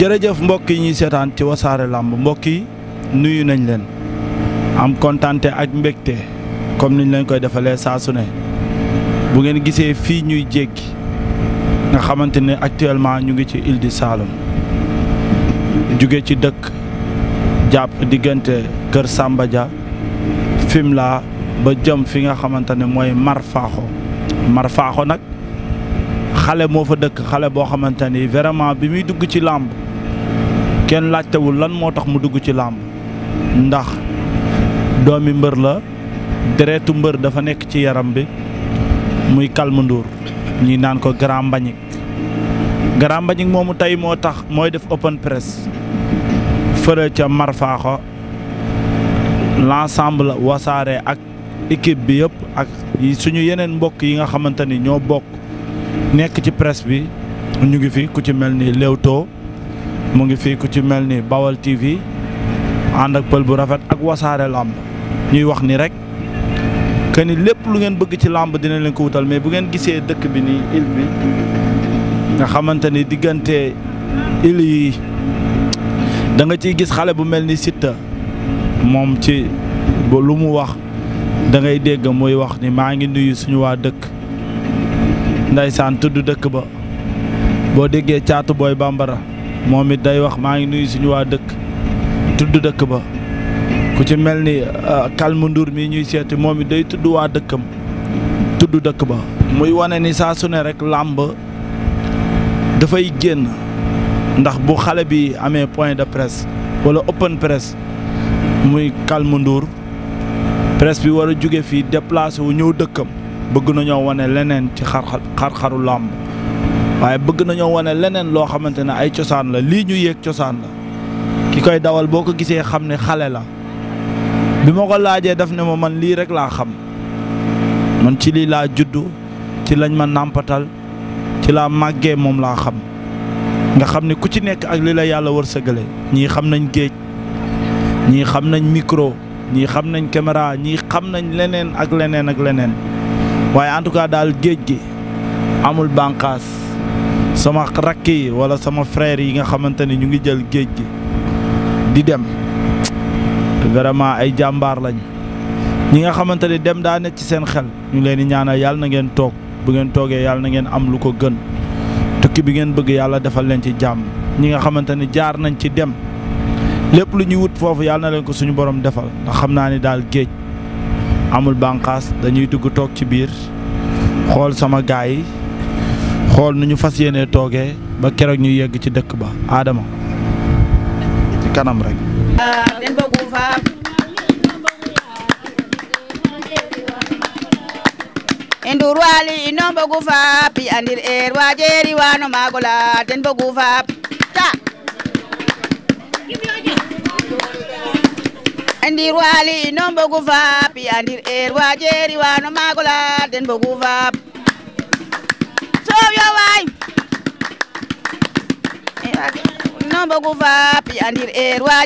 jërëjëf mbokk yi ñuy seetaan ci wasaare làmb mbokk yi nuyu nañ leen am kontaante ak mbegte comme niñ leen koy defalee saasu ne bu ngeen gisee fii ñuy jéggi nga xamante ne actuellement ñu ngi ci île du jóge ci dëkk jàpp diggante Kër Samba Dia Fimela ba jëm fi nga xamante ne mooy mar Marfaaxo nag xale moo fa dëkk xale boo xamante ni vraiment bi muy dugg ci làmb kenn laajtewul lan moo tax mu dugg ci làmb ndax doomi mbër la deretu mbër dafa nekk ci yaram bi muy Calme Ndour naan ko Grand Mbagnick moomu tey moo tax mooy def open press fële ca Marfaaxo l'ensemble wasaare ak équipe bi yëpp ak suñu yeneen mbokk yi nga xamante ni ñoo bokk nekk ci presse bi ñu ngi fi ku ci mel ni Leewtoo mu ngi fii ku ci mel ni Bawal TV ànd ak pël bu rafet ak wasaare làmb ñuy wax ni rek que ni lépp lu ngeen bëgg ci làmb dina leen ko wutal mais bu ngeen gisee dëkk bi ni île bi nga xamante ni diggante île yi danga nga ciy gis xale bu mel ni Siteu moom ci lu mu wax dangay dégg muy wax ni maa ngi nuyu suñu waa dëkk ndaysaan tudd dëkk ba boo déggee caatu booy bambara. moom it day wax maa ngi nuyu suñu waa dëkk tudd dëkk ba ku ci mel ni ah, Kalmu Ndour mii ñuy seeti moom it day tudd waa dëkkam tudd dëkk ba muy wane ni saa su ne rek làmb dafay génn ndax bu xale bi amee point de presse wala open presse muy Kalmu Ndour bi war a jóge fii déplacé wu ñëw dëkkam bëgg nañoo wane leneen ci xar làmb waaye bëgg nañoo wane leneen loo xamante ne ay cosaan la lii ñu yéeg cosaan la ki koy dawal boo ko gisee xam ne xale la bi ma ko laajee daf ne ma man lii rek laa xam man ci lii laa juddu ci lañ ma nàmpatal ci laa màggee moom laa xam nga xam ne ku ci nekk ak li la yàlla wërsëgale ñii xam nañ géej ñii xam nañ micro ñii xam nañ caméra ñii xam nañ leneen ak leneen ak leneen waaye en tout cas daal géej gi amul bànqaas sama rakk yi wala sama frère yi nga xamante ni ñu ngi jël géej gi di dem vraiment ay jàmbaar lañ ñi nga xamante ni dem daa nekk ci seen xel ñu leen di ñaanal yàlla na ngeen toog bu ngeen toogee yàlla na ngeen am lu ko gën tukki bi ngeen bëgg yàlla defal leen ci jàmm ñi nga xamante ni jaar nañ ci dem lépp lu ñuy wut foofu yàlla na leen ko suñu borom defal ndax xam naa ni daal géej amul bànqaas dañuy dugg toog ci biir xool sama gaay yi xool nu ñu fas yéenee toogee ba keroog ñu yegg ci dëkk ba Adama ci kanam rek. endur wali non faap i andir er wa jeri wa no magola den bogu faap ta andir wali non bogu faap i andir er wa jeri wa no magola den bogu faap yow yo waay no mbogu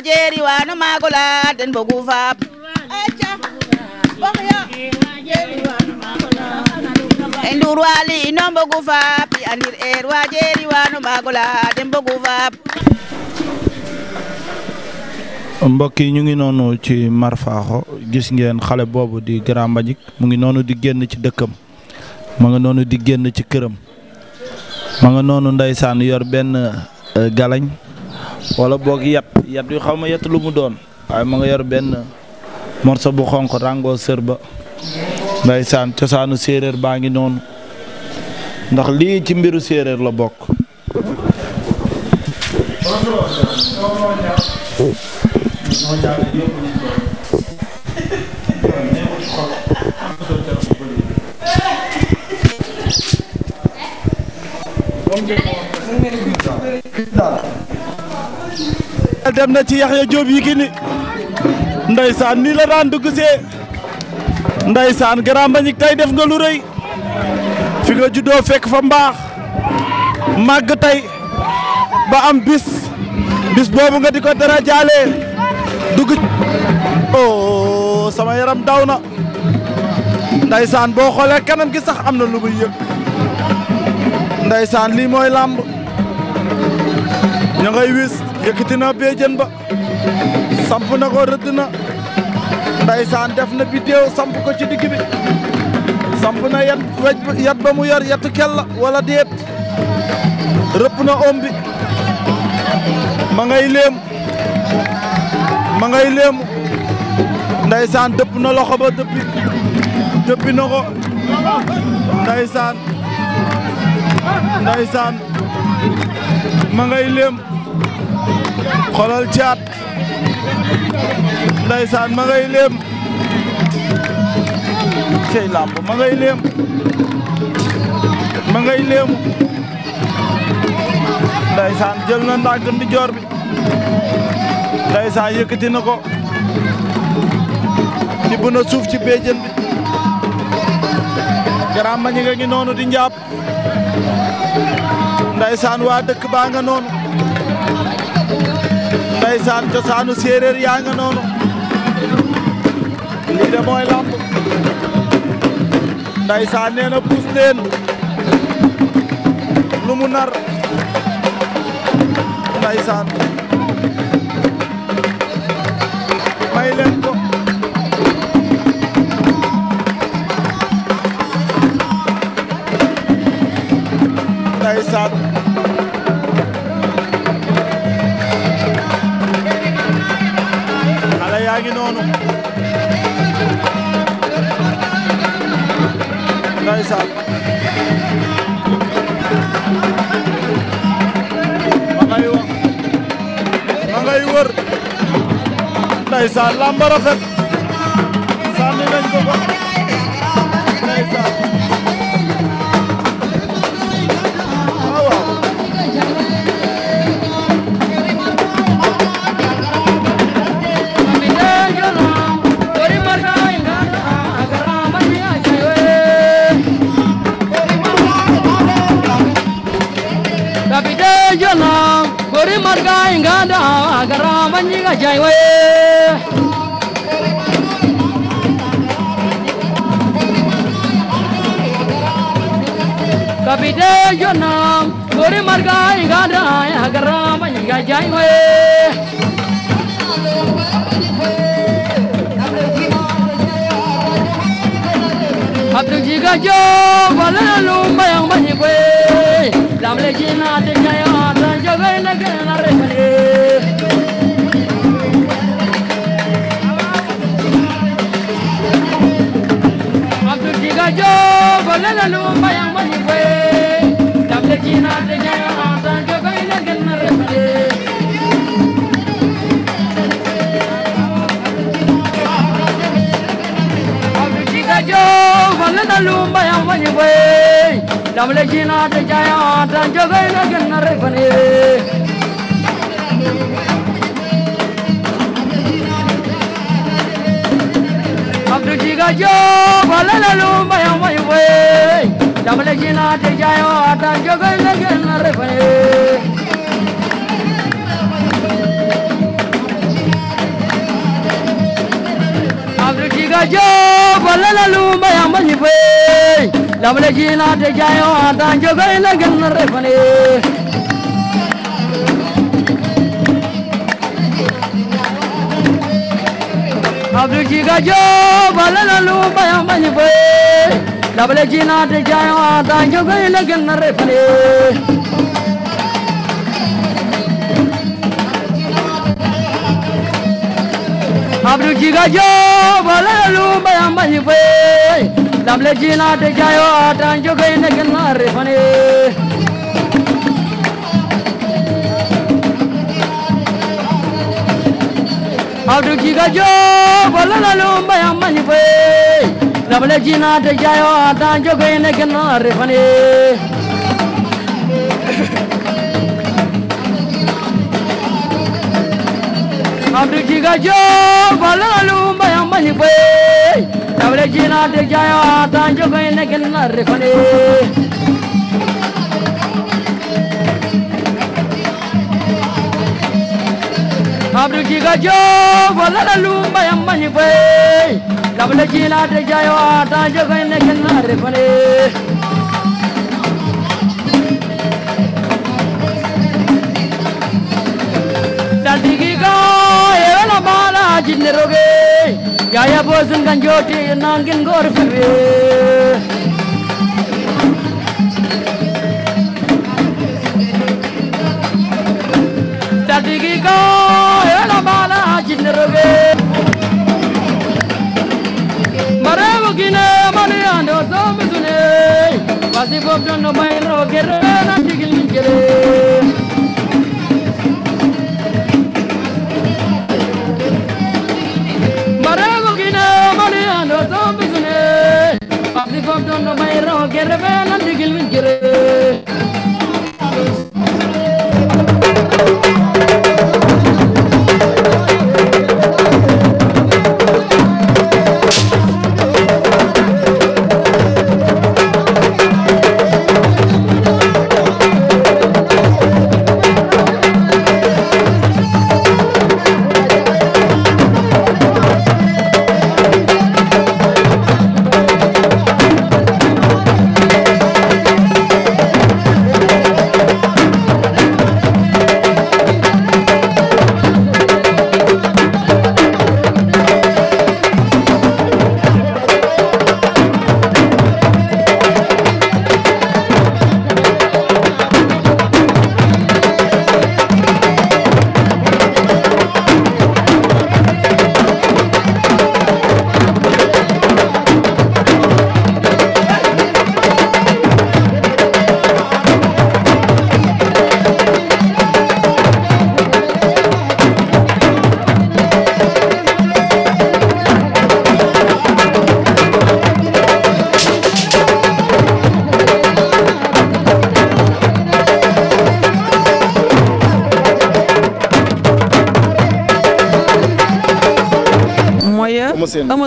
jeeri wa no maago laa den mbogu faap aca mbokk yi ñu ngi noonu ci Marfakho gis ngeen xale boobu di Grand Mbagnick mu ngi noonu di génn ci dëkkam mu ngi noonu di génn ci këram ma nga noonu ndeysaan yor benn euh, galañ wala boog yat yat wi xaw ma yat lu mu doon waaye ma nga yor benn morso bu xonq ràngoo sër ba ndeysaan cosaanu séeréer baa ngi noonu ndax lii ci mbiru séeréer la bokk dem na ci Yaxya Jóob Yékini ndaysaan nii la daan dugg see ndeysaan Grand Mbagnick tey def nga lu rëy fi nga juddoo fekk fa mbaax màgg tey ba am bis bis boobu nga di ko dara jaalee dugg oh sama yaram daw na ndaysaan boo xoolee kanam gi sax am na lu muy yëg ndaysaan lii mooy làmb ña wis yëkkati na ba samp na ko rëdd na ndaysaan def na bidéew samp ko ci digg bi samp na yat wej yat ba mu yor yatu kella wala déet rëpp na om ma ngay léem ma ngay léem ndaysaan dëpp na loxo ba dëppi dëppi na ko ndaysaan ndaysaan ma ngay léem xolal caat ndaysaan ma ngay léem cey làmb ma léem ma ngay léemu ndaysaan jël na ndànk ndi joor bi ndaysaan yëkkati na ko di bu na suuf ci béjjën bi garaam ma ñi ngi noonu di njaab ndaysaan waa dëkk baa nga noonu ndaysaan cosaanu séeréer yaa nga noonu lii de mooy làmb ndaysaan nee na puus leen lu mu nar ndaysaan may leen ko ndaysaan yaa ngi noonu ndeysaan ma ngay wax ma ngay wër ndeysaan lamba rafet sànni nañ Agara manjiga jaiwe Kapite jonam Gori marga igada Agara manjiga jaiwe Abdu jiga jo Valala lumba yang banjigwe Lamle jina te jaya Tanjogai negara narepane jogo lala lumba yamba ni kwe Dable kina tenya yo anta jogo ina gena repale Abdika jogo lala lumba yamba ni kwe Dable kina tenya yo anta jogo ina gena repale Thank you. tujigajo kolele lumba ya mai wei jamle jina te jayo na refane Abdu jigajo kolele lumba ya mai wei jamle jina te na refane Abdou Jiga Joob a lala lu bayan bañi fay labale ji naa te jaayan waa taa njogoy la gën na refale Abdou Jiga Joob a lala lu bayan bañi fay labale ji naa te Abdou Kiga Diop walla la lumba ya mani fe Labale jina te jayo ata jogo ene kenna refane Abdou Kiga Diop walla la lumba ya mani fe Labale jina te jayo ata jogo ene kenna Abdou Giga Diop walla la lumba yamma ni fay labla jina de jayo ata jogo ne kenna re fane Daldi Giga yela mala jinne roge yaya bozun ganjoti nangin gor fere Daldi Giga jinne roge marabu gina mani ando so misune wasi bob donno bay roge na digil min gele marabu gina mani ando so misune wasi bob donno bay roge na digil min gele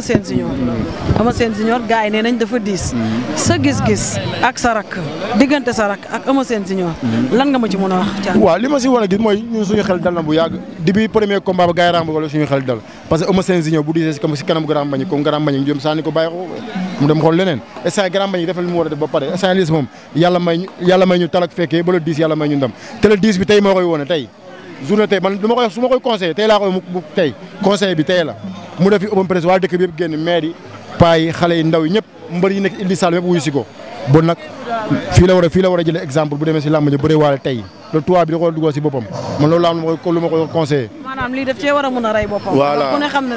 seen junior ama seen junior gars yi nee nañ dafa diis sa gis-gis ak sa diggante sa ak ama seen junior lan nga ma ci mën a wax waaw li ma si war a gis mooy ñun suñu xel dal na bu yàgg depuis premier combat ba gars yi ràmb wala suñu xel dal parce que ama seen junior bu diisee si kanam grand bañ comme grand bañ jëm sànni ko bàyyi ko mu a yàlla may yàlla may ñu talak fekkee ba le diis yàlla may ñu ndam te le diis bi tey moo koy woone tey journée tey man du ma koy su tey laa koy mu tey conseil bi tey la mu def fi open press waa dëkk bi yëpp génn maire yi paa yi xale yi ndaw yi mbër yi nekk indi saal yëpp wuyu si ko bon nag fii la war a fii la war a exemple bu demee si làmb ji bëree waale tey loolu tubaab bi ko dugal si boppam man loolu laa am lu ma ko conseillé. lii daf cee war a mën a rey boppam. voilà mm-hmm,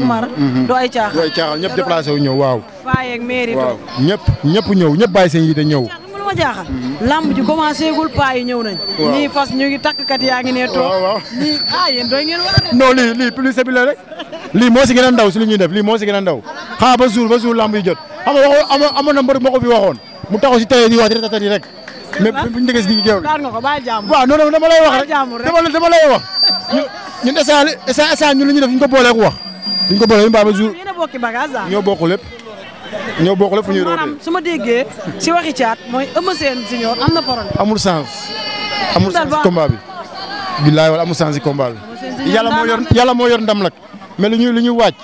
mm-hmm. ay caaxaan du wu ñëw waaw. paa yeeg maire yi waaw ñëpp ñëpp ñëw ñëpp bàyyi seen yite ñëw. ma ji commencé gul ñëw nañ ñii fas ñu ngi takkat yaa ngi ne toog ñii ah, a non lii lii publicité bi rek lii moo si gën a ndaw si li ñuy def lii moo si gën a ndaw xaa ba jour ba jour lamb yi jot xam na mbër moo ko fi waxoon mu taxaw si télé di wax di tatati rek mais buñu dëggee si digg géew waaw non non rek dama lay wax ñun li ñu def ñu ko boolee ko wax duñ ko boolee ñu ba ba jour ah. ñoo bokk lépp ñoo bokk lépp fu ñuy rootee su ma déggee si waxi caat mooy Eumeu Sène Junior am na problème amul sens amul sens combat bi bilaay wala amul sens combat bi yàlla moo yor yàlla moo yor ndam nag mais li ñu li ñu wàcc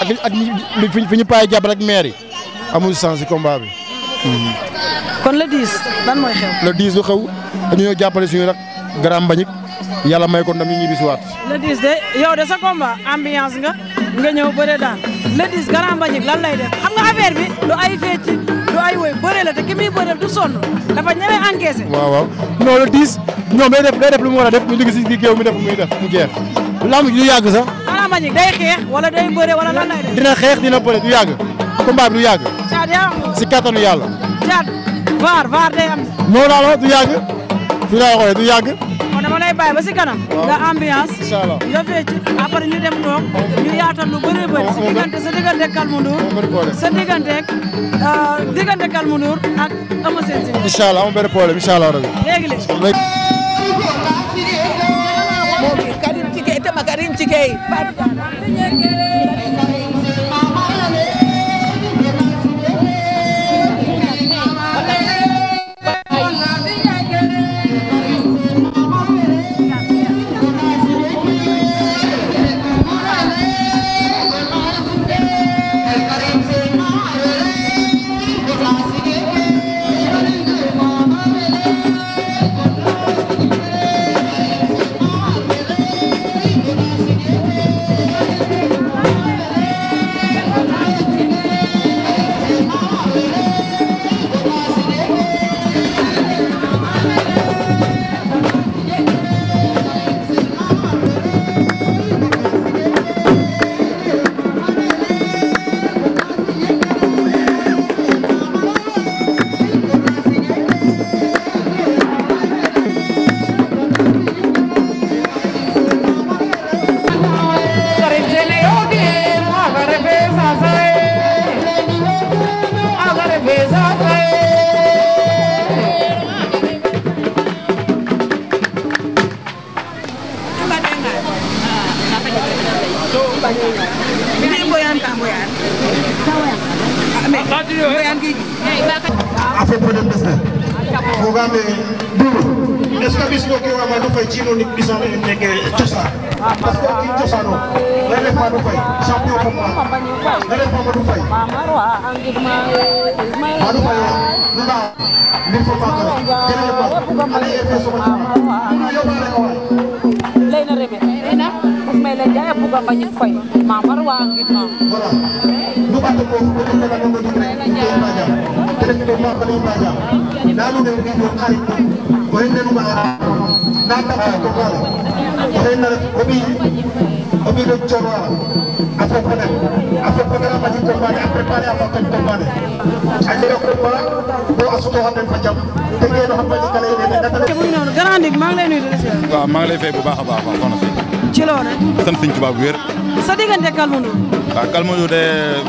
ak ak fi ñu paay jàpp rek maire yi amul sens si combat bi. Hmm. kon le 10 mooy xew. le du lu xew dañu ñëw jàppale suñu rek grand Mbagnick yàlla may ko ndam ñu ñibbi si waat. le 10 de yow de sa combat ambiance nga nga ñëw bëre daan le 10 grand Mbagnick lay def xam nga affaire bi du ay fecc du ay woy bëre ki muy bëre du sonn dafa ñeme encaissé. waaw waaw non le 10 ñoom def lu mu war a def mu jóge si géew mi def muy def mu jeex lamb ju yàgg sax. Magic day xeex wala day mbëre wala lan lay def. dina xeex dina bëre du yàgg combat bi du yàgg. Thiat yaa am. si kattanu yàlla. Thiat vaar vaar day am. du yàgg fii laay xoolee du yàgg. kon dama lay bàyyi ba si kanam. nga ambiance. incha allah nga fecc après ñu dem toog ñu lu bëree bëri. sa diggante Kalmundur. Euh, ak Eumeu Sène. incha allah amul benn problème incha allah rabi. léegi Karim Cikey Thank you. leyna reɓe ina usmay ley jaya buga mbañik koy ma far wa ngid ma nanude mbiɗo xarit ko hennenuma ara na taxa to kaala ko henna ret o ɓiy o ɓiɗo coro ara à se connaître à se connaître a machine combat a préparé a fakkan combat maa ngi lay nuyu bu baax baax a soxna si ci loo ne sant Sëñ wér sa diggante Kalmoundo waaw Kalmoundo de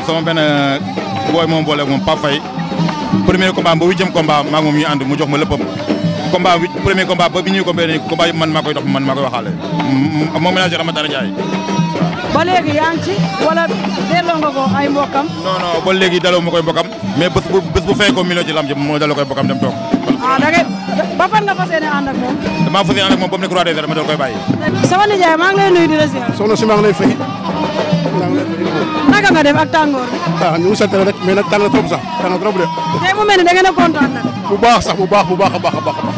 sama benn booy moom boole moom Pape Faye premier combat ba huitième combat moom ñu ànd mu jox ma léppam combat bi premier combat ba bi ñuy combat man man maa koy waxaale moom ménagère Amadou Ndiaye ba léegi yaa ngi ci wala delloo ko ay mbokam non non ba léegi daloo ma koy mbokam mais bés bu bu fay ko million ci lam ji moo daloo koy mbokam dem toog ah da ngay ba fan nga fas yéene ànd ak moom damaa fas yéene ànd ak moom ba mu nekk roi des arènes ma dal koy bàyyi sama nijaay maa ngi lay nuyu di la ziar soxna si maa ngi lay fay naka nga def ak tàngoor bi ah ñu ngi sant rek mais nag tàng na sax tàng na de tey mu mel ni da ngeen a kontaan nag bu baax sax bu baax bu baax a baax a baax a baax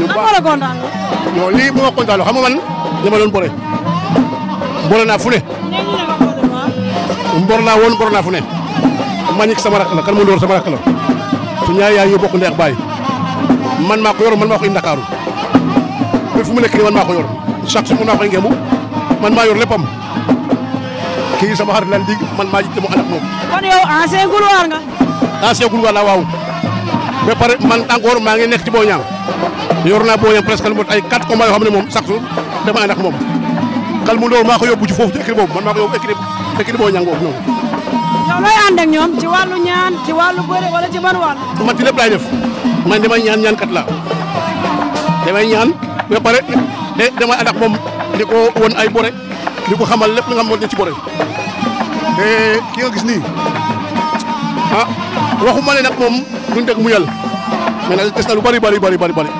ñu baax la kontaan non lii bu ma kontaan mbooloo naa fu ne. mboor naa woon mboor naa fu ne. Mbagnick sama rakk la kan mu door sama rakk la. su ñaar yaay ñoo bokk ndey ak baay man maa ko yor man maa ko indi Ndakaaru ba fu mu nekk nii man maa ko yor chaque jour man maa koy ngembu man maa yor léppam kii sama xarit lan dig man maa jiite mu ànd ak moom. kon yow ancien couloir la waaw. ba pare man encore maa ngi nekk ci Boña yor naa Boña presque ay 4 combats yoo xam ne moom chaque jour dama ànd ak moom. kal mu ndaw maa ko yóbbu ci foofu ci écrit boobu man maa ko yóbbu écrit écrit boo noonu. yow looy ànd ak ñoom ci wàllu ñaan ci wàllu bëre wala ci ban wàll. man ci lépp laay def man damay ñaan ñaan kat laa damay ñaan ba pare de damay moom di ko won ay bore di ko xamal lépp li nga xamante ne ci bore te ki nga gis nii ah waxuma ne nag moom duñ teg mu yàlla mais nag des na lu bari bari bari bari bari.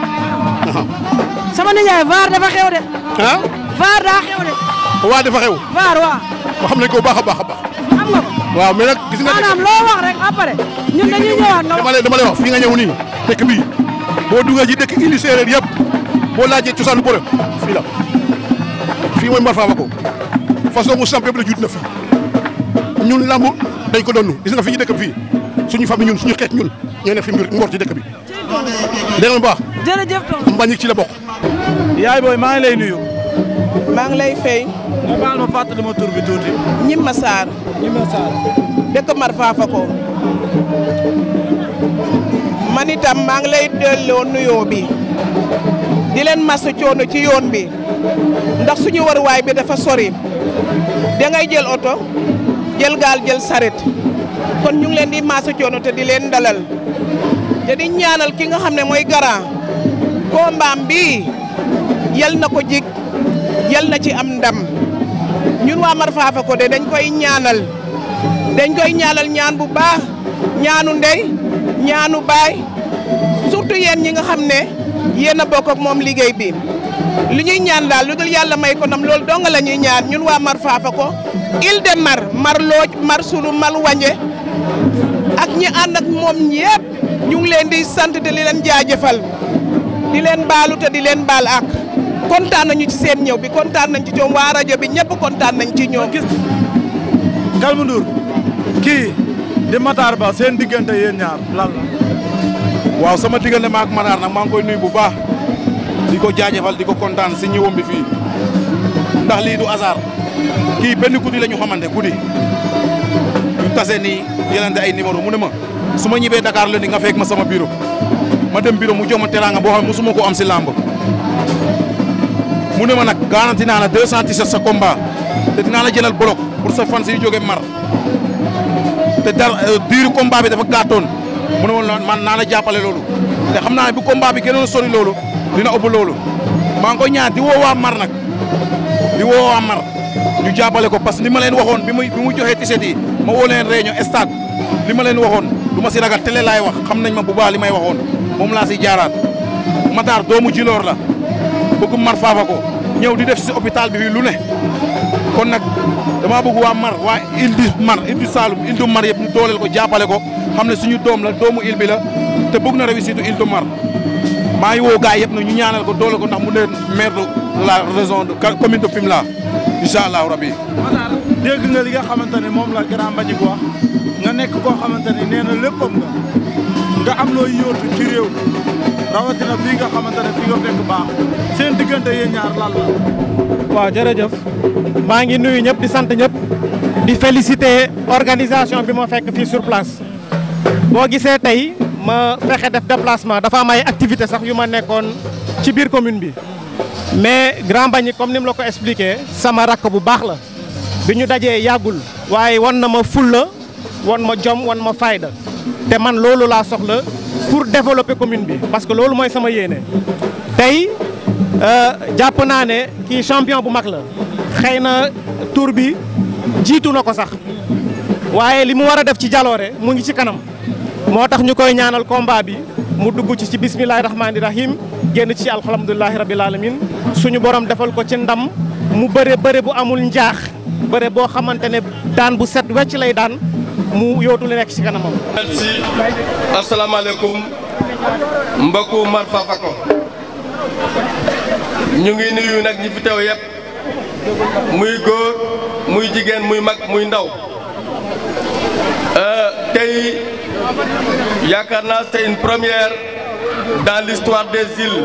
sama nijaay vaar dafa xew de. ah vaar daa xew waa dafa xew. vaar waaw. ba xam nañ ko baax a baax a baax. waaw mais nag gis nga. maanaam loo wax rek après. ñun dañuy ñëwaat nga wax dama lay dama lay fii nga ñëw nii dëkk bii boo duggee ji dekk Ili Séeréer yëpp boo laajee cosaanu borom fii la fii mooy Mbar Fafako façon mu samp yëpp la juut na fi ñun lamb dañ ko doon gis nga fi ñu dëkk fii suñu famille ñun suñu xeet ñun ñoo fi mbir ngor ci dëkk bi. dégg nga baax. jërëjëf Tom Mbagnick ci la bokk. yaay booy maa ngi lay nuyu. maa lay fay. nga baal ma fàttali ma dëkk Mar Faafako. man itam maa ngi lay delloo nuyoo bi. di leen masu coono ci yoon bi. ndax suñu waruwaay bi dafa sori. da ngay jël oto. jël gaal jël sarit kon ñu leen di masu coono te di leen dalal. te di ñaanal ki nga xam ne mooy garant. koo mbaam bii. yal na ko jig yal na ci am ndam. ñun waa Marfafa de dañ koy ñaanal dañ koy ñaanal ñaan bu baax ñaanu ndey ñaanu baay surtout ñi nga xam ne yéen a bokk moom liggéey bi lu ñuy ñaan daal lu dul yàlla may ko nam loolu dong la ñuy ñaan ñun waa Marfafa ko il de mar mar looj mar sulu mal wañe ak ñi ànd ak moom ñëpp ñu ngi leen di sant te di leen jaajëfal di leen baalu te di leen baal ak kontaan nañu ci seen ñëw bi kontaan nañ ci ñoom waa rajo bi ñëpp kontaan nañ ci ñoom. Kalmu Ndour kii di Matar Ba seen diggante yéen ñaar lan waaw sama diggante maak Matar na maa ngi koy nuyu bu baax di ko jaajëfal di ko kontaan si ñëwam bi ndax lii du hasard kii benn guddi la ñu xamante guddi ñu tase nii ay numéro mu ne ma su ma ñibbee Dakar la di nga fekk ma sama bureau ma dem mu jox ma teraanga boo xam ne mosuma ko am si làmb mu ne ma nag garanti naa la 217 sa combat te dinaa la jëlal bloc pour sa fans yu jóge mar te dar diiru euh, combat bi dafa gàttoon mu ne ma man naa la jàppale loolu te xam naa ne bu combat bi gënoon sori loolu dina ëpp loolu maa ngi koy ñaan di woo waa mar nag di woo waa mar ñu jàppale ko parce que li ma leen waxoon bi muy bi mu joxee tiset yi ma woo leen réunion stade li ma leen waxoon du ma si ragal télé laay wax xam nañ ma bu baax li may waxoon moom laa si jaaraat Matar doomu Jiloor la bëgg mar faaba ko ñëw di def si hôpital bi fii lu ne kon nag dama bëgg waa mar waa île du mar île du Saloum mar yëpp ñu dooleel ko jàppale ko xam ne suñu doom la doo île bi la te bëgg na réussir île du mar maa ngi woo gaay yëpp na ñu ñaanal ko doole ko ndax mu ne maire de la raison de commune de Fimela incha allahu rabi. dégg nga li nga xamante ne moom la grand Mbagnick wax nga nekk koo xamante ne nee na léppam nga nga am looy yóotu ci réew rawatina fii nga xamante ne fii nga fekk baax seen diggante yéen ñaar lan la. waaw jërëjëf maa ngi nuyu ñëpp di sant ñëpp di féliciter organisation bi ma fekk fii sur place boo gisee tey ma fexe def déplacement dafa am ay activité sax yu ma nekkoon ci biir commune bi mais Grand Mbagnick comme ni mu la ko expliqué sama rakk bu baax la bi ñu dajee yàggul waaye wan na ma fulla won ma jom wan ma fayda te man loolu laa soxla pour développer commune bi parce que loolu mooy sama yéene tey euh, jàpp naa ne kii champion bu mag la xëy na tour bi jiitu na ko sax waaye li mu war a def ci jaloore mu ngi ci kanam moo tax ñu koy ñaanal combat bi mu dugg ci ci bismillahi rahmaani rahim génn ci alhamdulilahi rabil alamin suñu borom defal ko ci ndam mu bëre bëre bu amul njaax bëre boo xamante ne daan bu set wecc lay daan mu yóotu li nekk ci kanamam. merci asalaamaaleykum mbokku Marfa Fakko ñu ngi yu nag ñi fi teew yëpp muy góor muy jigéen muy mag muy ndaw euh, tey yaakaar na c'est première dans l'histoire des îles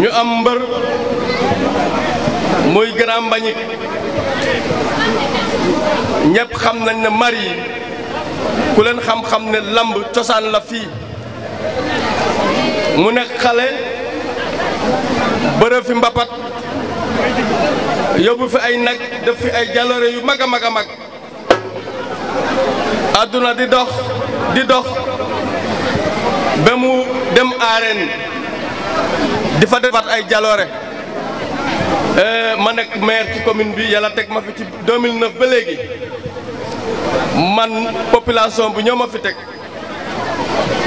ñu am mbër muy Grand Mbagnick ñëpp xam nañ ne mari ku leen xam-xam ne lamb cosaan la fii mu nekk xale bërëb fi mbapat yóbbu fi ay nag def fi ay jaloore yu mag a mag a mag àdduna di dox di dox ba mu dem aareen di fa defaat ay jaloore Euh, ma nekk maire ci commune bi yàlla teg ma fi ci 2009 ba léegi man population bi ñoo ma fi teg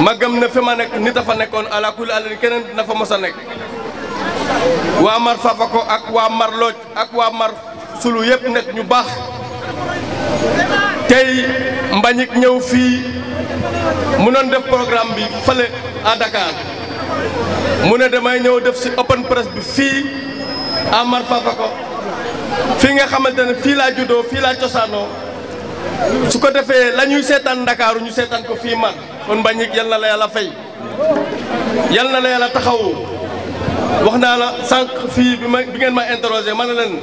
ma gëm ne fi ma nekk nit a fa nekkoon ala kulli àllin keneen dina fa mos a nekk waa Mar Fafako ak waa Mar Lodj ak waa Mar Sulu yëpp nekk ñu baax tey Mbagnick ñëw fii mu doon def programme bi fële à Dakar mu ne damay ñëw def si open press bi fii. Amar Fafako fii nga xamante ne fii laa juddoo fii laa cosaanoo su ko defee lañuy ñuy seetaan Ndakaaru ñu seetaan ko fii man kon Mbagnick yal na la yàlla fay yal na la yàlla taxawu wax naa la sànq fii bi ma bi ngeen ma interrogé ma ne leen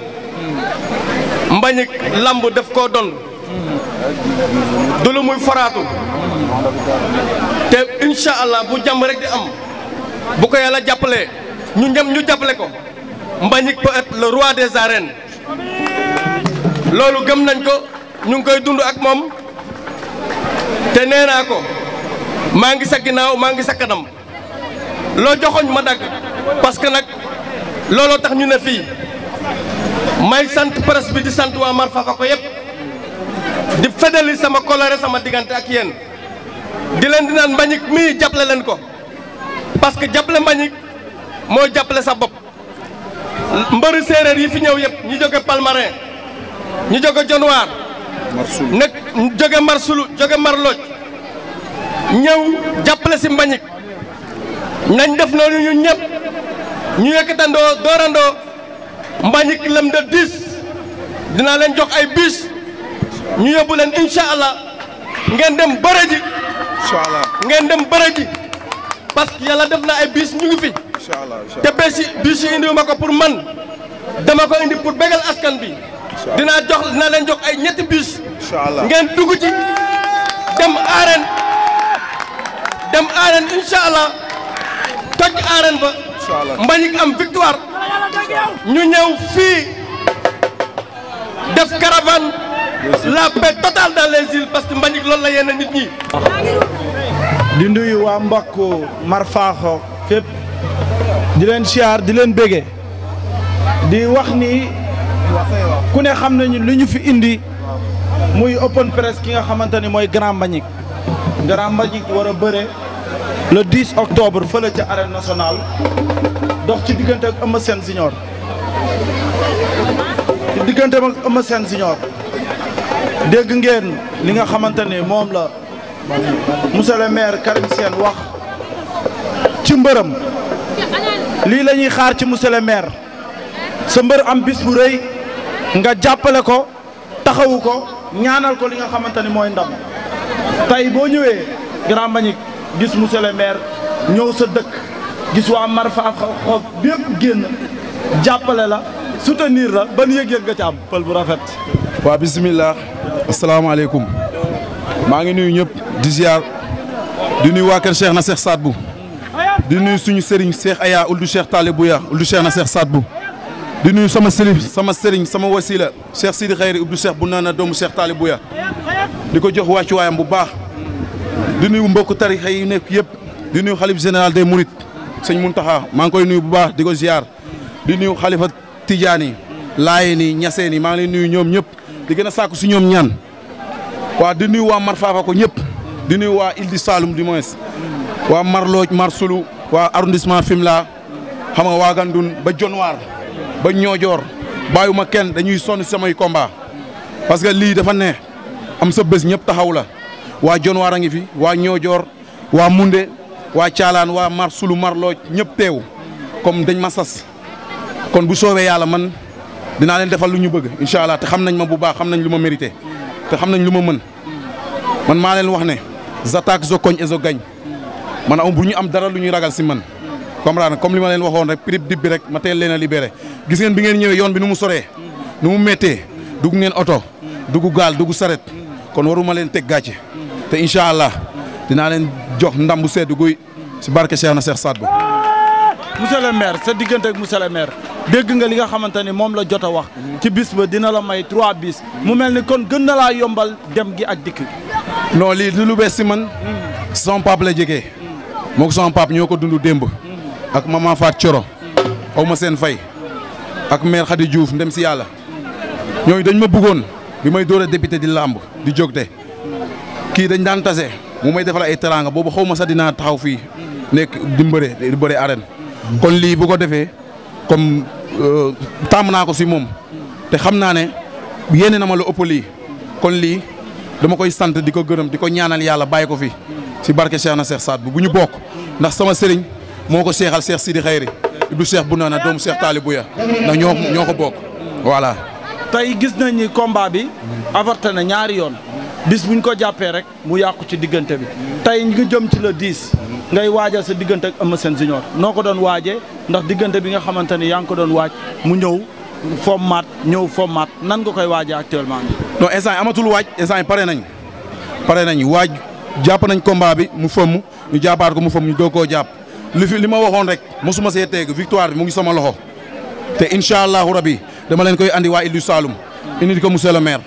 Mbagnick lamb def koo don du lu muy foraatu te incha allah bu jàmm rek di am bu ko yàlla jàppalee ñu ñem ñu jàppale ko Mbagnick peut le roi des arènes loolu gëm nañ ko ñu ngi koy dund ak moom te nee naa ko maa ngi sa ginnaaw maa ngi sa kanam loo joxoñ ma dagg parce que nag looloo tax ñu ne fii may sant presse bi di sant waa Marfafa ko yëpp di fedeli sama coloré sama diggante ak yéen di leen di naan Mbagnick mii jàppale leen ko parce que jàppale Mbagnick moo jàppale sa bopp mbëru séeréer yi fi ñëw yëpp ñu jóge Palmarin ñu jóge Jonwaar nekk jóge Marsulu jóge Marloj ñëw jàppale si Mbagnick nañ def noonu ñun ñëpp ñu yëkkatandoo doorandoo Mbagnick lëm de dix dinaa leen jox ay bis ñu yóbbu leen incha allah ngeen dem bëre ji. ngeen dem bëre ji que yàlla def na ay bis ñu ngi fi. te bés bis yi indiwuma ko pour man dama ko indi pour bégal askan bi dinaa jox dinaa leen jox ay ñetti bis ngeen dugg ci dem arène dem arène incha allah toj arène ba mbañik am victoire ñu ñëw fii def caravane la paix totale dans les parce que mbañik loolu la yéen nit ñi di nuyu waa mbokk Mar fépp di leen siyaar di leen bége di wax ni ku ne xam nañu li ñu fi indi muy open press ki nga xamante ni mooy Grand Mbagnick Grand Mbagnick war a bëre le 10 octobre fële ca arène nationale dox ci diggante ak siñoor Sène Junior ci diggante ak Eumeu dégg ngeen li nga xamante ni moom la monsieur le maire Karim wax ci mbërëm lii lañuy xaar ci monsieur le sa mbër am bis bu rëy nga jàppale ko taxawu ko ñaanal ko li nga xamante ni mooy ndam tey boo ñëwee Grand Mbagnick gis monsieur le ñëw sa dëkk gis waa Marfa ak xob bépp génn jàppale la soutenir la ban yëg-yëg nga ci am pël bu rafet. waa bisimilah. asalaamaaleykum. maa ngi nuyu ñëpp di ziar di nuyu waa kër Cheikh na Cheikh Saad Bou di nuyu suñu sëriñ Cheikh Aya uldu Cheikh Taalib Bouya uldu Cheikh na Cheikh Sadbu di nuyu sama sëriñ sama sëriñ sama wasila Cheikh Sidi Khayri uldu Cheikh bu naan doomu Cheikh Taalib Bouya di ko jox wàccuwaayam bu baax di nuyu mbokku tarixa yi nekk yëpp di nuyu xalif général de Mourides sëñ Muntaxa maa ngi koy nuyu bu baax di ko ziar di nuyu xalifa Tidiane yi Laayeen yi Ñaseen yi maa ngi leen nuyu ñoom ñëpp di gën a sàkku si ñoom ñaan waa di nuyu waa Mar Fafa ko ñëpp di nuyu waa Île du Saloum waa arrondissement laa xam nga waa Gandoun ba Dionewar ba Niodior ma kenn dañuy sonn samay combat parce que lii dafa neex am sa bés ñëpp taxaw la waa Dionewar a ngi fi waa Niodior waa Moundé waa Thialane waa Mar Sulu Mar Looj ñëpp teew comme dañ ma sas kon bu soobee yàlla man dinaa leen defal lu ñu bëgg incha allah te xam nañ ma bu baax xam nañ lu ma mérité te xam nañ lu ma mën man maa leen wax ne j'attaque je cogne et je gagne maanaam bu ñu am dara lu ñuy ragal si man comprendre comme li ma leen waxoon rek prix dib bi rek ma teel leen a libéré gis ngeen bi ngeen ñëwee yoon bi nu mu soree nu mu méttee dugg ngeen oto dugg gaal dugg saret kon waruma leen teg gàcce te incha allah dinaa leen jox ndam bu sedd guy si barke Cheikh na Cheikh Sadbou monsieur le maire sa diggante ak monsieur le maire dégg nga li nga xamante ni moom la jot a wax ci bis ba dina la may trois bis mu mel ni kon gën na laa yombal dem gi ak dikk non lu bees si man mm. son la jege moo ko sama pap ñoo ko dundu démb ak ma Faat Coro aw ma seen fay ak mère Khady Diouf ndem si yàlla ñooyu dañ ma buggoon bi may door a di làmb di jógte kii dañ daan tase mu may defal ay teraanga boobu xaw ma sax dinaa taxaw fii nekk di mbëre di bëre arène kon lii bu ko defee comme euh, tàmm naa ko si moom te xam naa ne yéene na ma la ëpp lii kon lii dama koy sant di ko gërëm di ko ñaanal yàlla bàyyi ko fi ci barke na Cheikh Saad bu bu ñu bokk ndax sama sëriñ moo ko seexal Cheikh Sidi Xayri ibnu Cheikh Bunana doomu Cheikh Talibou ya ndax ñoo ñoo ko bokk voilà. tey gis nañ ni combat bi avorté na ñaari yoon bis buñ ko jàppee rek mu yàqu ci diggante bi tey nga jëm ci la 10 ngay waajal sa diggante ak Eumeu Sène Junior noo ko doon waaje ndax diggante bi nga xamante ni yaa ngi ko doon waaj mu ñëw fommaat ñëw maat nan nga koy waajee actuellement. non instant amatul waaj instant pare nañ jàpp nañ combat bi mu fëmm ñu jàppaat ko mu fëmm ñu doog koo jàpp li fi li ma waxoon rek mosuma see teeg victoire bi mu ngi sama loxo te incha rab rabi dama leen koy andi waa Île du Saloum ko monsieur le maire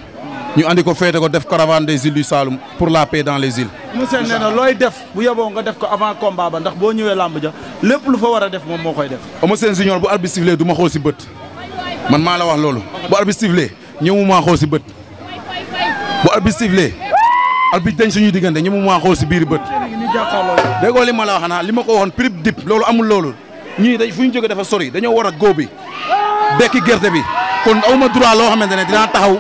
ñu andi ko feete ko def caravane des îles du Saloum pour la paix dans les îles. monsieur looy def bu yeboo nga def ko avant combat ba ndax boo ñëwee làmb ja lépp lu fa war a def moom moo koy def. Eumeu Sène junior bu arbitre sifflé du ma xool si bët man maa la wax loolu bu arbitre sifflé maa xool si bët bu arbitre sifflé arbitre dañ suñuy diggante ñu mu maa xool si biir bët déggoo li ma li ma ko waxoon dip loolu amul loolu ñii dañ fu ñu jógee dafa sori dañoo war a góob bi dekki gerte bi kon aw ma droit loo xamante ne dinaa taxaw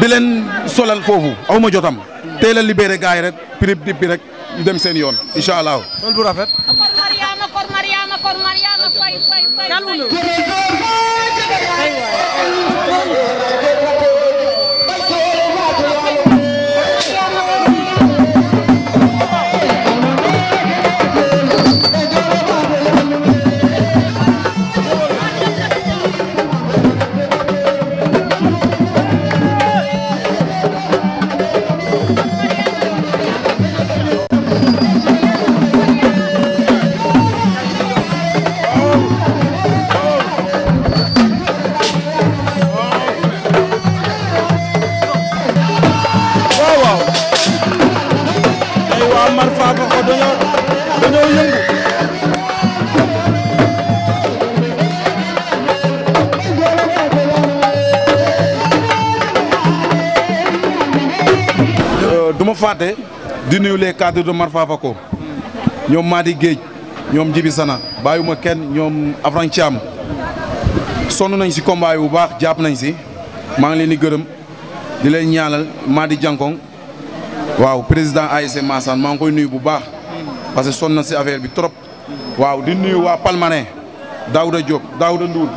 di leen solal foofu aw ma jotam teel a libéré gars yi rek prib dip bi rek ñu dem seen yoon incha allah. loolu bu rafet. fàtte di nuyu les cadres de Marfafa ko ñoom Madi Géej ñoom Jibi Sana bàyyiwuma kenn ñoom Afran Thiam sonn nañ si combat bu baax jàpp nañ si maa ngi leen di gërëm di leen ñaanal Madi Jankong waaw président ASC Massane maa ngi koy nuyu bu baax parce que sonn na si affaire bi trop waaw di nuyu waa Palmarin Daouda Diop Daouda Ndour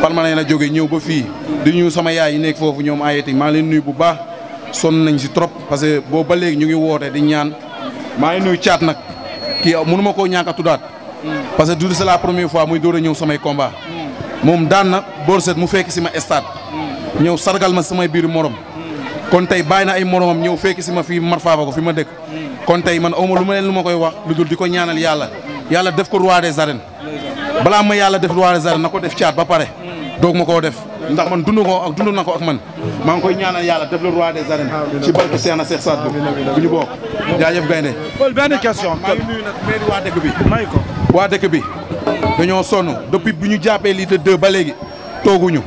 Palmarin a jóge ñëw ba fii di nuyu sama yaay yi nekk foofu ñoom ayeti maa ngi leen nuyu bu baax sonn nañ si trop parce que boobu ba léegi ñu ngi woote di ñaan maa ngi nuyu caat nag kii mënu ma koo ñàkk a tuddaat parce que du c'est la premier fois muy door ñëw samay combat moom daan na borset mu fekk si ma stade ñëw sargal ma samay biir morom kon tey bàyyi na ay moromam ñëw fekk si ma fii marfaaba ko fi ma dëkk kon tey man awma lu ma leen lu ma koy wax lu dul di ko ñaanal yàlla yàlla def ko roi des arènes balaa ma yàlla def roi des arènes na ko def caat ba pare doog ma koo def ndax man dund ko ak dund na ko ak man maa ngi koy ñaanal yàlla def le roi des arènes ci barke Seex na Seex Saad bu bu ñu bokk jaajëf gaynde benn question maa ngi nuyu nag mairie waa dëkk bi may ko waa dëkk bi dañoo sonn depuis bu ñu jàppee lii de ba léegi tooguñu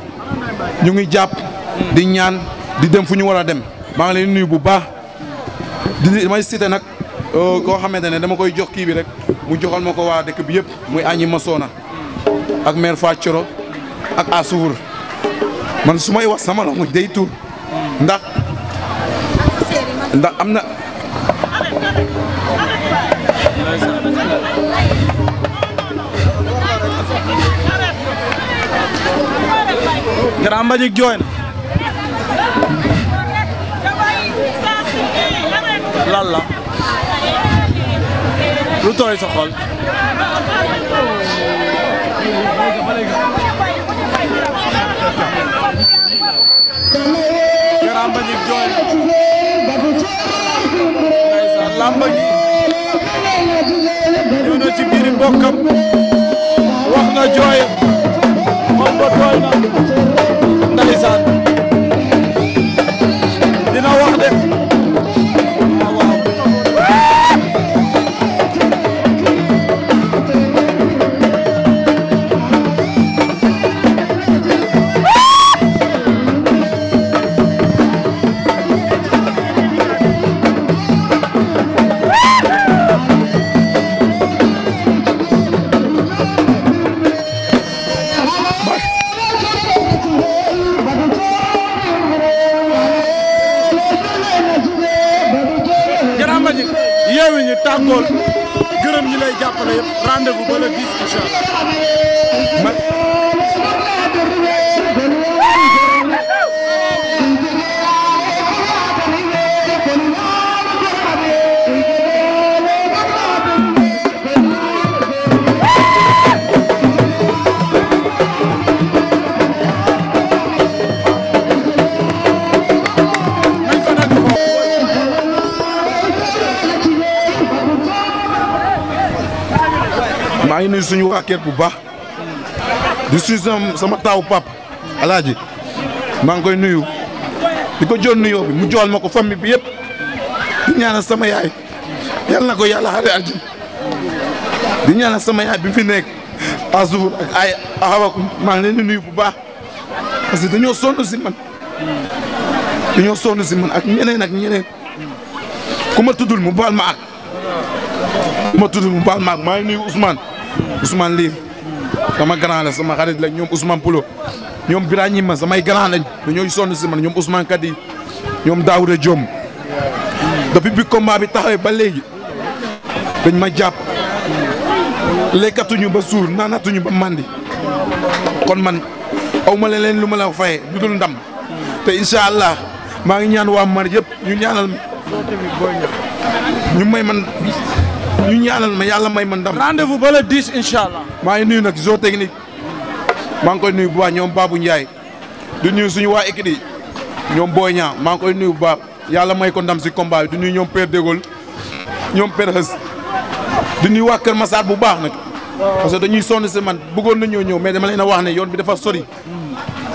ñu ngi jàpp di ñaan di dem fu ñu war a dem maa ngi leen nuyu bu baax di may cité nag euh, koo xamante ne dama koy jox kii bi rek mu joxal ma ko waa dëkk bi yëpp muy añi Masona ak maire Fathio ak à suivre man su may wax sama loxo day tuur ndax ndax am na. Grand lu tooy sa jooy ndeysaan làmba ji ñëw na ci biir mbokkam wax na jooy moom ba tooy ngi nuyu suñu waa kër bu baax di suñu sama sama taawu pap alaaji maa ngi koy nuyu di ko joon nuyoo mu jool ma ko famille bi yëpp di ñaanal sama yaay yal na ko yàlla xare àjjana di ñaanal sama yaay bi fi nekk Azur ak ay Awaku maa ngi leen di nuyu bu baax parce que dañoo sonn si man dañoo sonn si man ak ñeneen ak ñeneen ku ma tuddul mu baal ma ak ma tuddul mu baal ma ak maa ngi nuyu Ousmane. Ousmane Liir sama grand la sama xarit la ñoom Ousmane Poulo ñoom Birahima samay grand lañ dañooy sonn si man ñoom Ousmane Kadi ñoom Daouda Diom depuis bi bi taxawee ba léegi dañ ma jàpp lekkatuñu ba suur naanatuñu ba màndi kon man aw ma leen lu ma la fayee lu dul ndam te incha allah maa ngi ñaan waa Mar yëpp ñu ñaanal ñu may man ñu ñaanal ma yàlla may ma ndam. rendez-vous ba le 10 incha allah. maa nuyu nag zoo technique maa ngi koy nuyu bu baax ñoom Babou Ndiaye du nuyu suñu waa équipe yi ñoom booy ñaa maa ngi koy nuyu bu baax yàlla may ko ndam si combat du nuyu ñoom Père Dégol ñoom per Hës du nuyu waa Kër Massar bu baax nag. parce que dañuy sonn si man bëggoon nañoo ñëw mais dama leen wax ne yoon bi dafa sori.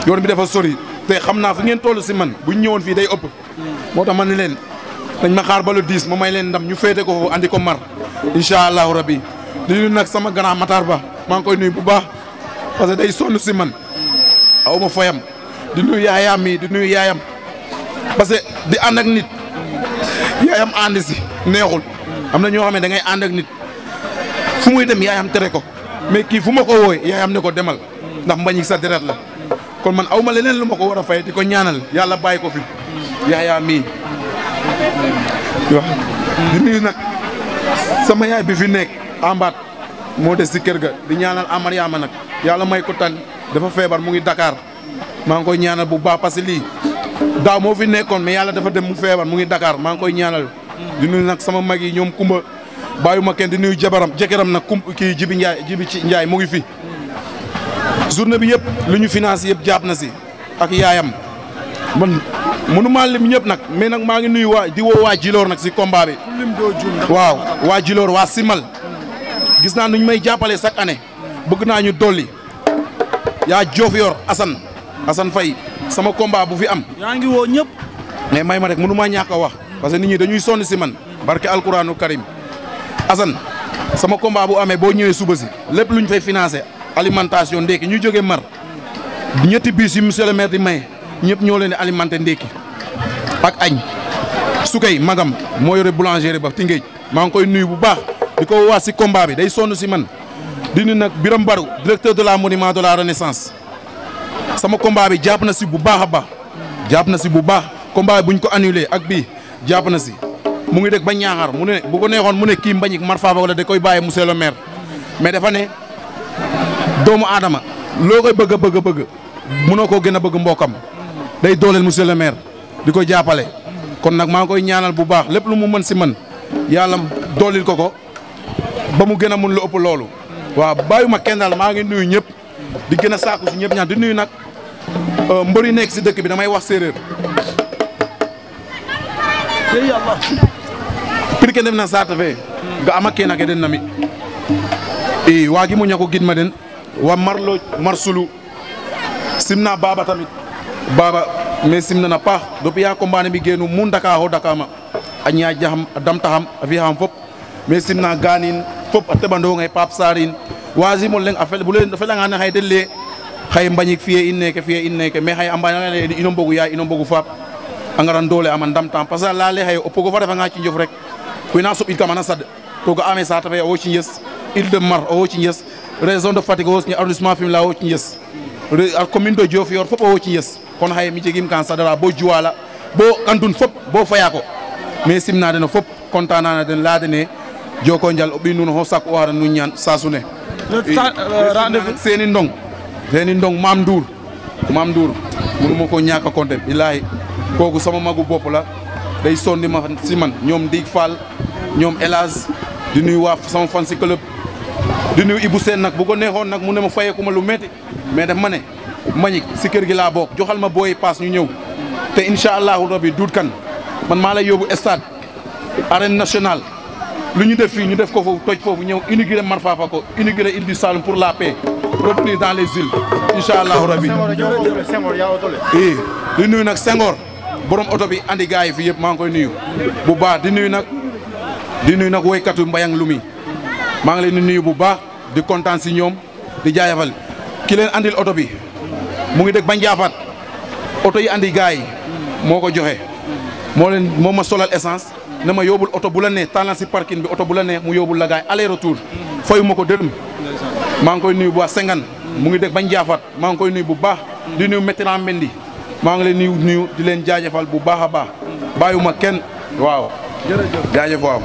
yoon bi dafa sori te xam naa fu ngeen toll si man bu ñu ñëwoon fii day ëpp. tax ma ne leen dañ ma xaar ba le 10 ma may leen ndam ñu féete ko foofu andi ko mar incha allahu rabi di nuyu nag sama grand Matar Ba maa ngi koy nuyu bu baax parce que day sonn si man aw ma fayam di nuyu yaayam yi di nuy yaayam parce que di ànd ak nit yaayam ànd si neexul am na ñoo xam ne da ànd ak nit fu muy dem yaayam tere ko mais kii fu ma ko wooy yaayam ne ko demal ndax mbañik sa deret la kon man aw ma leneen lu ma ko war a fay di ko ñaanal yàlla bàyyi ko fi yaayam di nuyu nag sama yaay bi fi nekk ambaat moo des si kër ga di ñaanal amar yaama nag yàlla may ko dafa feebar mu ngi dakaar maa ngi koy ñaanal bu baax parce que lii daaw moo fi nekkoon mais yàlla dafa dem mu feebar mu ngi dakaar maa ngi koy ñaanal di nuyu nag sama mag yi ñoom kumba bàyyuma kenn di nuyu jabaram jëkkëram nag kum kii jibi njaay jibi ci njaay mu ngi fi journée bi yëpp lu ñu financé yëpp jàpp na si ak yaayam man mënu maa lim ñëpp nag mais nag maa ngi nuyu waa di woo waa Djilor nag si combat bi. lim doo juum waaw waa Djilor waa Simal. gis naa nuñ may jàppale chaque année. bëgg naa ñu dolli. yaa Joof yor Assane. Assane sama combat bu fi am. yaa ngi woo ñëpp. mais may ma rek mënu maa ñàkk wax. parce que nit ñi dañuy sonn si man. barke alquranu karim. Assane sama combat bu amee boo ñëwee suba si. lépp luñ fay financé alimentation ndéki ñu jóge mar. ñetti bus yi monsieur di may ñëpp ñoo leen alimenté ndékki ak añ sukay magam moo yore boulangerie ba Tëngéej maa ngi koy nuyu bu baax di ko waa si combat bi day sonn si man di nag Biram Baru directeur de la monument de la renaissance sama combat bi jàpp na si bu baax a baax jàpp na si bu baax combat bi buñ ko annulé ak bii jàpp na si mu ngi dëkk ba ñaaxar mu ne bu ko neexoon mu ne kii mbañik mar faaba wala da koy bàyyi monsieur le maire mais dafa ne doomu aadama loo koy bëgg a bëgg a bëgg koo gën a bëgg mbokkam day dooleel monsieur le maire di ko jàppale. kon nag maa ngi koy ñaanal bu baax lépp lu mu mën si man yàlla doolil ko ko ba mu gën a mun loolu. waaw bàyyuma kenn daal maa ngi nuyu ñëpp di gën a saaku si ñëpp ñaan di nuyu nag euh, mbër yi nekk si dëkk bi damay wax séeréer. pir ke ndef na saate fe ga'aam a keen ake den na mi i waagim o den wa mar looj mar sulu simna baba tamit baaba me a paax depuis ya combaane mi geenu mu ndakaxo dakama a ñaaƴaxam a damtaxam a fiyaxam fop me simna ganin fop a teɓandonge Pape Sarr in waasimo a felanga ne xaye den leye xaye mbañik fiye in neke fiye in neke mais xaye a mbañanga leye ino mbogu yaay ino mbogu faap a ngaran doole am a ndamtaam parce que laale xaye o pogo fa refanga cinjof rek wena soɓid kam ana sad to ga ame saate fe owo cinjes Île de Mar owo cinjes raison kono hay mi jegima kan sadara bo juwala bo kantun fof bo fayako mais simnade no fof contanana den laade ne joko dial o ɓinnuno ho sakko o hara nun ñan sasune rendez-vous seni ndong seni ndong mam ndour mam ndour ko ñaka konte billahi kooku sama magu bopp la day sonni ma si man ñoom Dig Fall ñoom Elage di nuyu waa sama fan si club di nuyu Ibou Sène nag bu ko neexoon nag mu ne ma fayeeku ma lu metti mais ma ne Mañik si kër gi laa bokk joxal ma booy paas ñu ñëw te incha allahu rabi duut kan man maa lay yóbbu stade arène nationale lu ñu def fii ñu def ko foofu toj foofu ñëw mar Marfafa ko inauguré île du Saloum pour la paix revenir dans les îles incha allahu rabi. i eh, di nuyu nag sengoor borom oto bi andi gars yi fi yëpp maa ngi koy nuyu bu baax di nuyu nag di nuyu nag woykatu Mbayang Lumi maa ngi leen di nuyu bu baax di kontaan si ñoom di jaayafal ki leen andil oto bi. mu ngi dëkk bañ jaafaat oto yi andi gars yi moo ko joxe moo leen moo ma solal essence na ma yóbbul oto bu la ne tànnal si parking bi oto bu la ne mu yóbbul lagaay gars yi aller ma ko dërëm maa ngi koy nuyu bu baax mu ngi dëkk bañ jaafaat maa ngi koy nuyu bu baax di nuyu Météran Mbendi maa ngi leen nuyu nuyu di leen jaajëfal bu baax a baax bàyyiwuma kenn waaw jaajëf